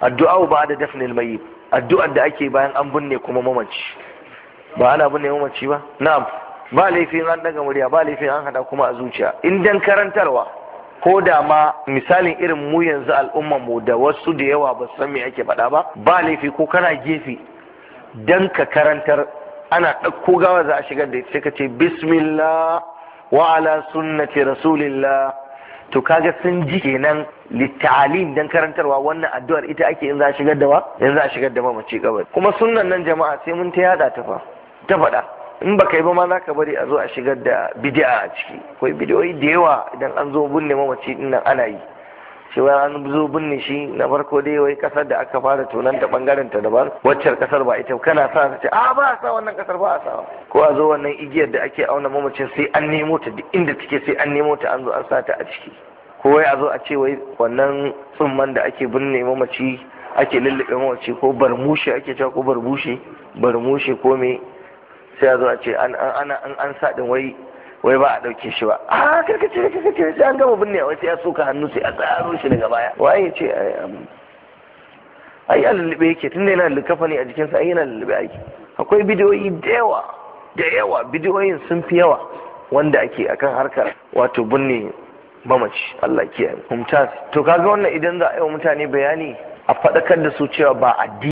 addu'a ba da dafnil mai addu'ar da ake bayan an binne kuma mamaci ba ana binne mamaci ba na'am ba laifin an daga murya ba laifin an hada kuma a zuciya in dan karantarwa ko da ma misalin irin mu yanzu al'ummar mu da wasu da yawa ba san me ake faɗa ba ba laifi ko kana gefe dan ka karantar ana ɗauko gawa za a shigar da ita sai ka ce bismillah wa ala sunnati rasulillah to kaga sun ji kenan littalim don karantarwa wannan addu'ar ita ake in za a shigar da wa in za a shigar da mamaci kuma sunnan nan jama'a sai mun ta yada ta fa ta faɗa in baka yi ba ma zaka bari a zo a shigar da bid'a a ciki akwai bidiyoyi da yawa idan an zo binne mamaci din ana yi cewa an zo binne shi na farko dai wai kasar da aka fara tunan ta bangaren ta daban waccar kasar ba ita kana sa ta ce a ba a sa wannan kasar ba a sa ko a zo wannan igiyar da ake auna mamacin sai an nemo ta duk inda take sai an nemo ta an zo an sa ta a ciki ko wai a zo a ce wai wannan tsumman da ake binne mamaci ake lullube mamaci ko barmushi ake cewa ko barmushi barmushi ko me sai a zo a ce an an an sa din wai wai ba a ɗauke shi ba a ah, karkace karkace Da an gama binne a wasu ya soka hannu sai a tsaro shi daga baya waye ce ce ai a lullube yake tunda yana lullukafa ne a jikinsa ai yana lullube ake akwai bidiyoyi da yawa da yawa bidiyoyin sun fi yawa wanda ake akan harkar wato binne mamaci Allah kiyaye mumtaz to kaga wannan idan za a yi wa mutane bayani a faɗakar da su cewa ba addini